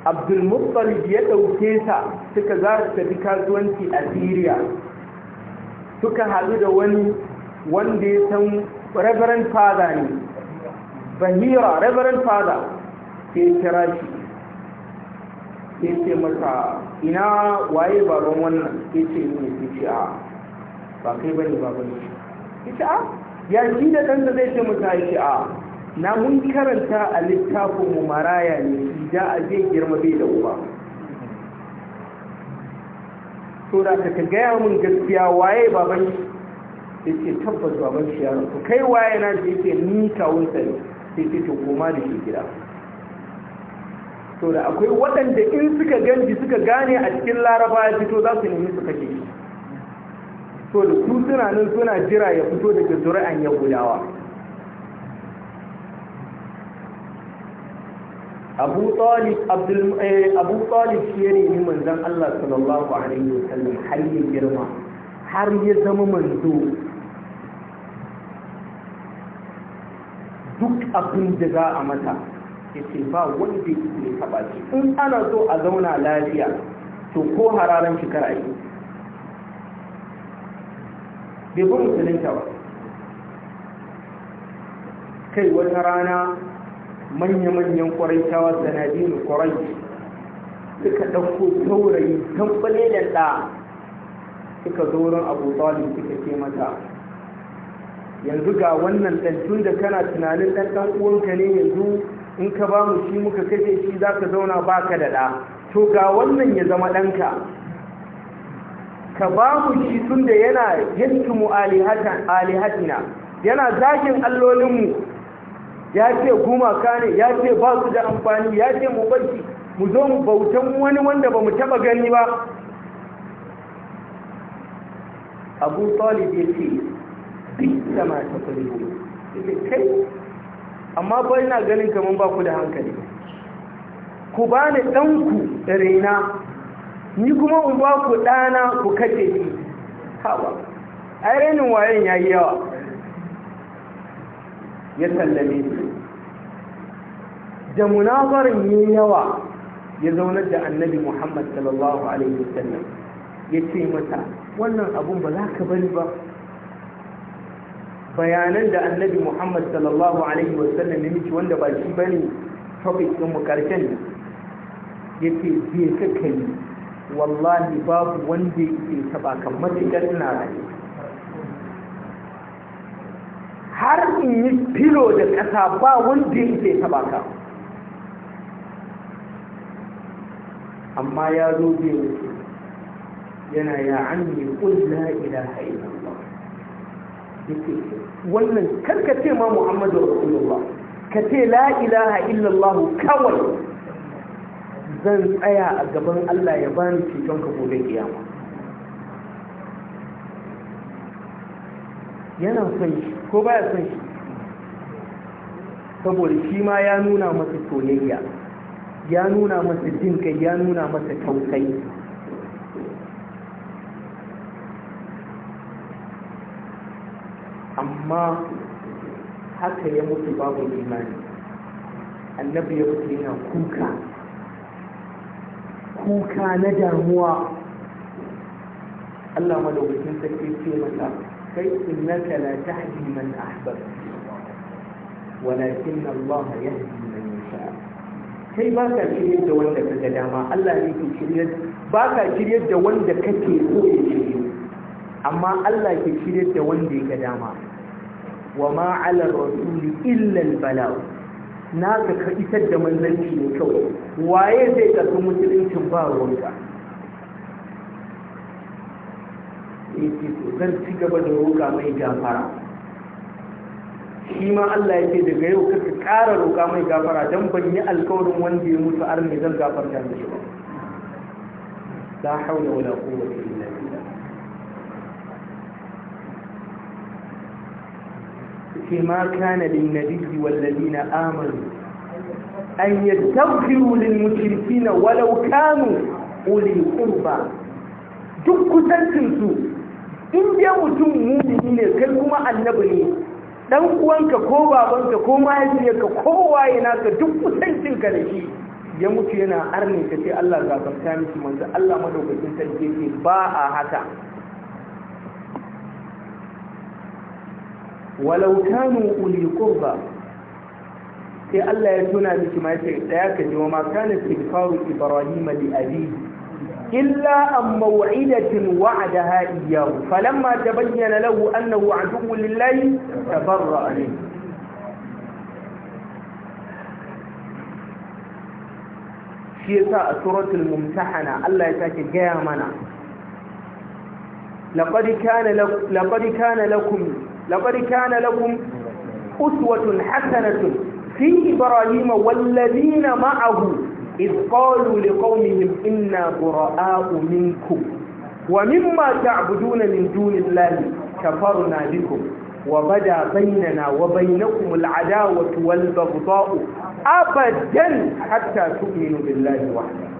abdulmuttalib ya ɗauke sa suka za su tafi kasuwanci a syria suka haɗu da wani wanda ya san reverend father ne bahira reverend father sai kira shi ya ce masa ina waye baban wannan ya ce ne ya ce a ah, ba kai bane ba shi ya ce a ah, ya shi da ɗansa zai ce masa ya ce a ah, na mun karanta a littafin mu maraya ne da a zai girma bai da uba to da ka gaya mun gaskiya waye baban shi ya ce tabbas baban shi yaron ku kai waye na shi yake ni ni kawunsa ne sai ce to goma da shi gida to da akwai waɗanda in suka ganji suka gane a cikin laraba ya fito za su nemi su kake shi to da su suna nan suna jira ya fito daga zuri'an gudawa. abu talib abdul eh, abu talib shi ne ni manzan Allah sallallahu alaihi sallam har ya girma har ya zama manzo duk abin da za a mata yace ba wanda ke taba shi in ana so a zauna lafiya to ko hararan shi kar a yi bai bi musulunta ba kai wata rana manya-manyan ƙwaraitawa sanadin ƙwarai suka ɗauko taurayi tambale da ɗa suka zo wurin abu talib suka ce mata yanzu ga wannan ɗantun da kana tunanin ɗan ɗan ne yanzu in ka ba mu shi muka kashe shi za ka zauna ba ka da ɗa to ga wannan ya zama ɗanka ka ba mu shi tun da yana yanki mu alihatina yana zagin allolinmu ya ce gumaka ne ya ce ba su da amfani ya ce mu barki mu zo mu bautan wani wanda ba mu taba gani ba abu talib ya ce bi sama ta kulibu ya kai amma ba ina ganin kamar ba ku da hankali ku ba ni ɗanku da raina ni kuma in ba ku ɗana ku kace ni hawa ai rainin wayan ya yi yawa ya sallame su da munazarin yi yawa ya zaunar da annabi muhammad sallallahu alaihi wasallam ya ce mata wannan abun ba za ka bari ba bayanan da annabi muhammad sallallahu alaihi wasallam ya miki wanda ba shi bane topic din mu karshen ya ce je ka kai wallahi babu wanda ya taba kan matukar ina rayu har in yi filo da ƙasa ba wanda ya isa ya taɓa ka amma ya zo zai wuce yana ya anni qul la ilaha illallah yake wannan karka ce ma muhammadu rasulullah ka ce la ilaha illallah kawai zan tsaya a gaban Allah ya bani ceton ka gobe kiyama yana son shi ko baya son shi saboda shi ma ya nuna masa soyayya ya nuna masa jin kai ya nuna masa tausayi amma haka ya mutu babu imani annabi ya mutu yana kuka kuka na damuwa Allah madaukakin sarki ce masa kai innaka la tahdi man ahbabta walakin Allah yahdi man yasha kai ba ka shiryar da wanda ka ga dama Allah ne ke shiryar ba ka shiryar da wanda kake so ya shiryu amma Allah ke shiryar da wanda ya ga dama wa ma ala rasuli illa al balagh naka ka isar da manzanci ne kawai waye zai karɓi musuluncin ba ruwanka yake zan ci gaba da roƙa mai gafara shi ma Allah yake daga yau kaka ƙara roƙa mai gafara don ban yi alkawarin wanda ya mutu arni zan gafarta da shi ba la haula wala quwwata illa billah fi ma kana lin nabiyyi wal ladina amanu an yastaghfiru lil mushrikeena walau kanu uli duk kusancinsu in dai mutum mumini ne kai kuma annabi ne dan uwanka ko babanka ko mahaifiyarka ko waye naka duk ka da shi ya mutu yana arne ka ce Allah gafarta miki manzo Allah madaukakin sarki ce ba a haka walau kanu uli qurba sai Allah ya tuna miki mai sai daya ka ji wa ma kana istighfaru ibrahima li abihi illa an mawa'idatin wa'ada ha'iyya falamma ta bayyana lahu annahu aduwwun lillahi tabarra alayhi shi yasa a suratul mumtahana Allah ya sake gaya mana laqad kana lakum laqad kana lakum laqad kana lakum uswatun hasanatun fi ibrahima wal ladina ma'ahu إذ قالوا لقومهم إنا براء منكم ومما تعبدون من دون الله كفرنا بكم وبدا بيننا وبينكم العداوة والبغضاء أبدا حتى تؤمنوا بالله وحده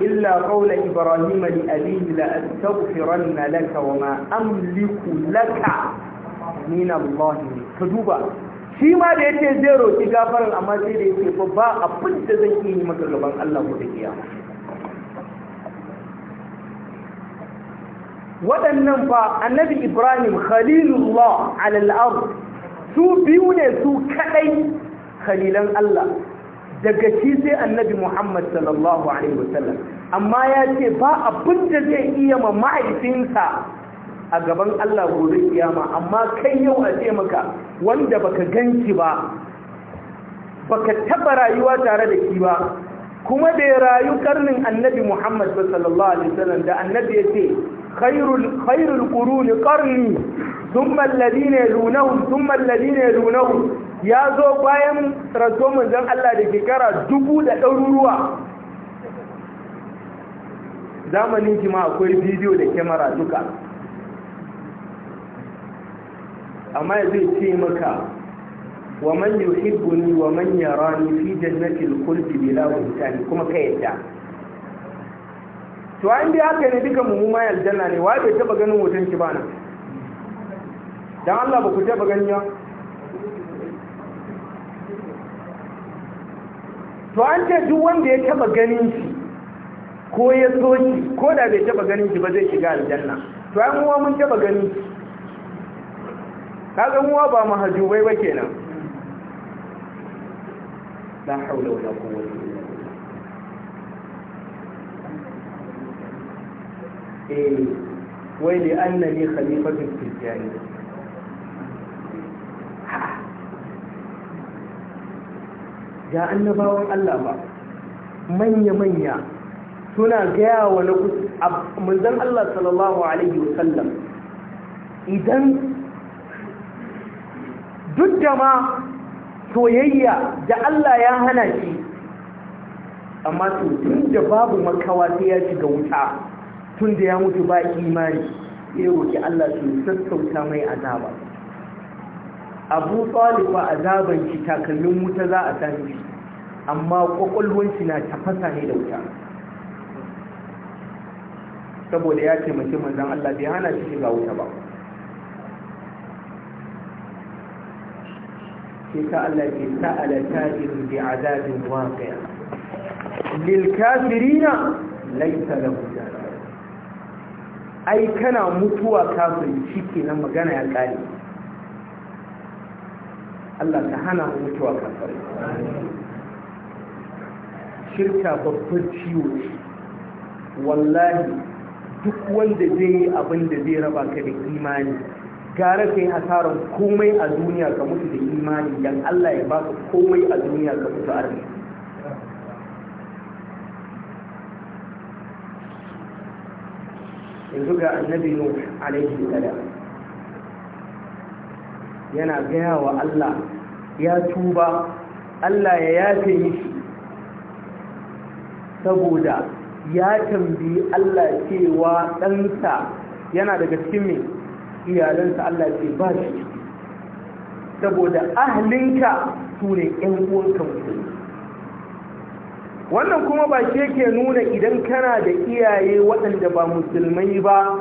إلا قول إبراهيم لأبيه لأستغفرن لك وما أملك لك من الله فدوبا shi ma da yace zai roki gafaran amma sai da yace fa ba abin da zan yi maka gaban Allah ko da kiyama waɗannan fa annabi Ibrahim khalilullah ala al-ard su biyu ne su kadai khalilan Allah daga shi sai annabi Muhammad sallallahu alaihi wasallam amma ya ce ba abin da zai iya ma ma'aikinsa a gaban Allah gobe kiyama amma kai yau a ce maka wanda baka ki ba baka taba rayuwa tare da ki ba kuma bai rayu karnin annabi Muhammad sallallahu alaihi wasallam da annabi yace khairul khairul quruni qarni thumma alladhina yalunahum thumma alladhina yalunahum ya zo bayan rasu manzon Allah da shekara dubu da ɗaruruwa zamanin kima akwai bidiyo da kyamara duka amma zai ce maka wa man yuhibbuni wa man yarani fi jannatil khuldi bila wutan kuma ka yadda to an bi haka ne duka mu ma aljanna ne wai bai taba ganin wutan ki ba dan Allah ba ku taba ganin ya to an ce duk wanda ya taba ganin shi ko ya so shi ko da bai taba ganin shi ba zai shiga aljanna to an mu mun taba ganin shi kaga muwa ba mahajubai ba kenan la haula wala quwwata illa billah eh wai li annani khalifatun fil jannah ga annabawan Allah ba manya-manya suna gaya wa na manzan Allah sallallahu Alaihi wasallam idan duk da ma soyayya da Allah ya hana shi amma tun da babu makawa sai ya shiga wuta tun da ya mutu ba imani ya roƙi Allah su sassauta mai azaba abu tsalifa azaban shi takallin wuta za a sami shi amma kwakwalwar shi na tafasa ne da wuta saboda ya ce mace manzan Allah bai hana shi shiga wuta ba sai ka Allah ke sa'ala tajirin bi azabin waqi'a lil kafirina laysa lahu ai kana mutuwa kafiri shikenan magana ya kare Allah ka hana mu ciwo wallahi duk wanda zai yi abin da zai raba ka da imani gara ka yi hasarar komai a duniya ka mutu da imani don Allah ya ba ka komai a duniya ka mutu arni yanzu ga annabi nuh alaihi salam yana gaya wa Allah ya tuba Allah ya yafe shi, saboda ya tambayi Allah cewa ɗansa yana daga cikin mai iyalansa Allah ce ba shi saboda ahlinka su ne ƴan uwanka wannan kuma ba shi yake nuna idan kana da iyaye waɗanda ba musulmai ba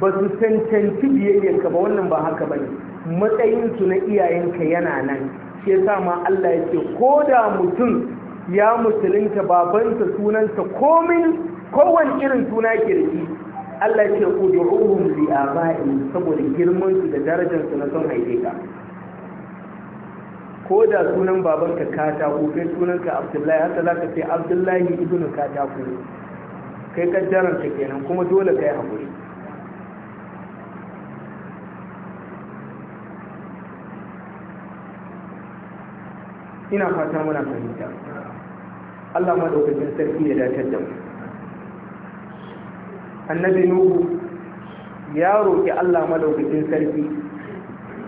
ba su cancanci biyayyanka ba wannan ba haka ba ne matsayinsu na iyayenka yana nan shi yasa ma Allah ya ce ko da mutum ya musulunta babansa sunansa komin kowane irin suna ke da shi Allah ya ce du'uhum li aba'in saboda girman su da darajar su na son haife ka ko da sunan babanka katako kai sunanka Abdullahi haka ka ce Abdullahi ibn katako kai ka jaranta kenan kuma dole kai hakuri ina fata muna fahimta Allah madaukakin sarki ya dace da mu annabi nuhu ya roƙi allah madaukakin sarki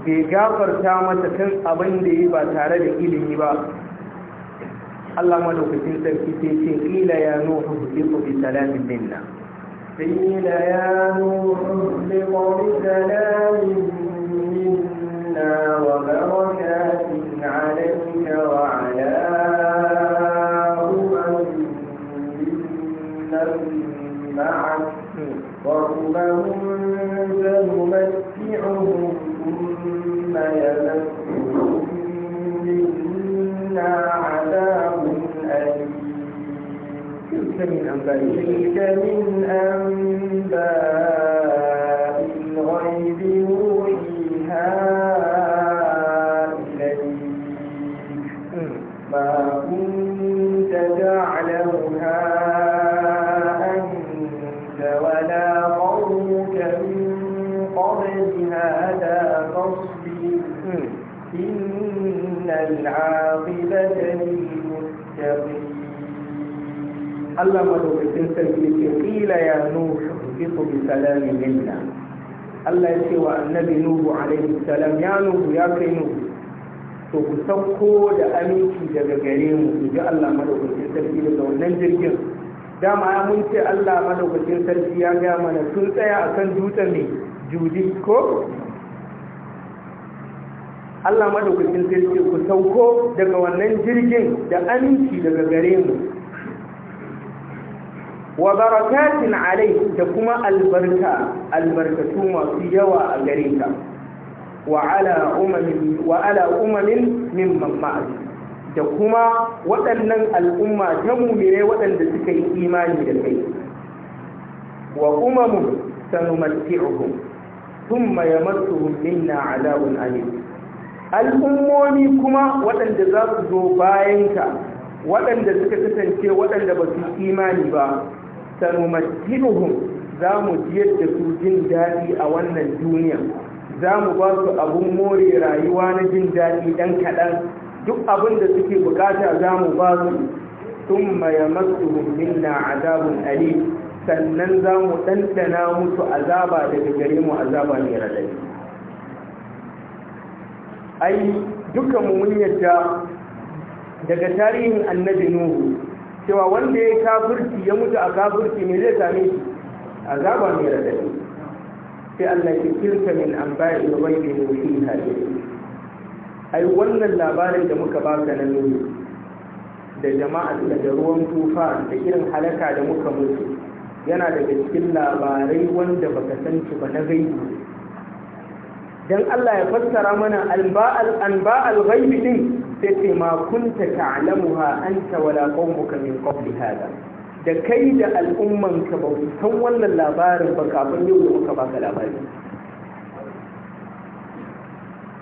bai gafarta mata kan abin da yi ba tare da ilimi ba allah madaukakin sarki sai ce ƙila ya nuhu huliku bi salamin minna قيل يا نوح اهبط بسلام منا wa عليك وعلى أمم معك ربهم سنمتعهم ثم يمسهم منا عذاب أليم تلك من أنباء والعاقبة للمتقين Allah madaukakin sarki ce kila ya nuhu bisu bi salami minna Allah ya ce wa annabi nuhu alaihi salam ya ya kai nuhu to ku sauko da aminci daga gare mu ku ji Allah madaukakin sarki daga wannan jirgin dama ya mun ce Allah madaukakin sarki ya ga mana sun tsaya akan dutsen ne judi ko Allah madaukakin sai ce ku sauko daga wannan jirgin da aminci daga gare mu wa barakatin alai da kuma albarka albarkatu masu yawa a gare ka wa ala umamin min ala da kuma waɗannan al'umma ta mumire waɗanda suka yi imani da kai wa umamun sanumatti'uhum thumma na minna 'adabun alim al'ummomi kuma waɗanda za su zo bayanka waɗanda suka kasance waɗanda ba su imani ba sanumattinuhum za mu jiyar da su jin daɗi a wannan duniya za mu ba su abun more rayuwa na jin daɗi ɗan kaɗan duk abin da suke bukata za mu ba su sun maya masu minna azabun ali sannan za mu ɗanɗana musu azaba daga gare mu azaba mai radadi ai dukkan mu mun yadda daga tarihin annabi nuhu cewa wanda ya kafirci ya mutu a kafirci me zai same shi azaba mai radadi sai Allah ya kirka min ambayi da bai da shi hadi ai wannan labarin da muka baka na nuhu da jama'a da ruwan tufa da irin halaka da muka mutu yana daga cikin labarai wanda baka san shi ba na gaibi Don Allah ya fassara mana anba al-ghaibi din sai ce ma kunta ta'lamuha anta wala qawmuka min qabli hada da kai da al'umman ka ba san wannan labarin ba kafin yau da muka baka labari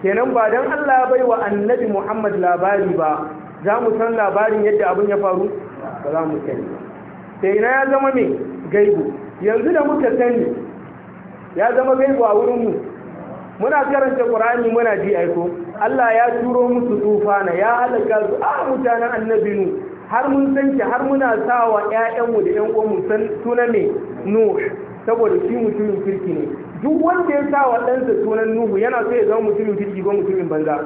kenan ba dan Allah bai wa annabi Muhammad labari ba za mu san labarin yadda abin ya faru ba za mu sani sai na ya zama me gaibu yanzu da muka sani ya zama gaibu a wurin mu muna karanta qur'ani muna ji aiko Allah ya turo musu tufana ya halaka su a ah, mutanen annabi har mun san ki har muna sawa ƴaƴanmu da ƴan uwanmu san sunan ne nu saboda shi mutumin kirki ne duk wanda ya sa wa ɗansa sunan nuhu yana so ya zama mutumin kirki ko mutumin banza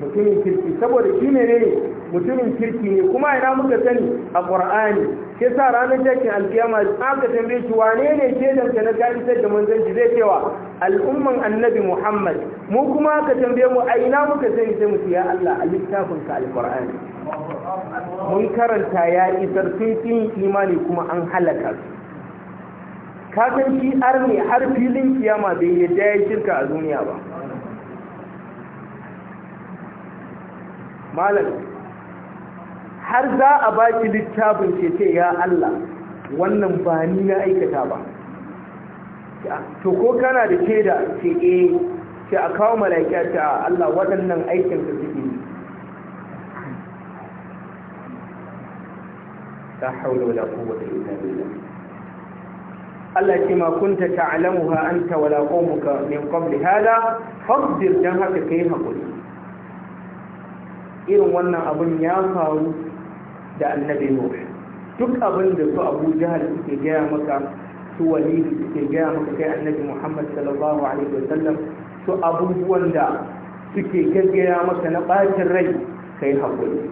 mutumin kirki saboda shi ne ne mutumin kirki ne kuma ina muka sani a qur'ani ke sa ranar jakin alkiyama aka tambaye shi wane ne shedan ka na karisar da manzanci zai cewa al'umman annabi muhammad mu kuma aka tambaye mu a ina muka sani sai mu ya allah a littafin ka alqur'ani mun karanta ya isar sun imani kuma an halaka su ka san shi arni har filin kiyama bai yadda ya shirka a duniya ba malam har za a baki littafin ce ce ya Allah wannan ba ni na aikata ba to ko kana da shaida ce eh ce a kawo mala'ika ta ah, Allah waɗannan aikin ka suke yi la haula wala quwwata illa billah Allah ce ma kunta ta'lamuha anta wala qawmuka min qabl hada fasbir dan haka kai hakuri irin wannan abun ya faru da annabi nuh duk abin da su abu jahal suke gaya maka su walidu suke gaya maka kai annabi muhammad sallallahu alaihi sallam su abubuwan da suke gaggaya maka na bacin rai kai haƙuri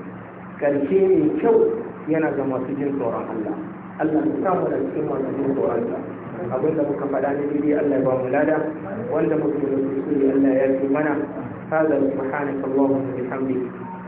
ƙarshe mai kyau yana ga masu jin tsoron allah allah ya samu da cikin masu jin tsoron allah abinda muka faɗa ne dai allah ya ba mu lada wanda muka yi da kuskure allah ya fi mana هذا سبحانك اللهم وبحمدك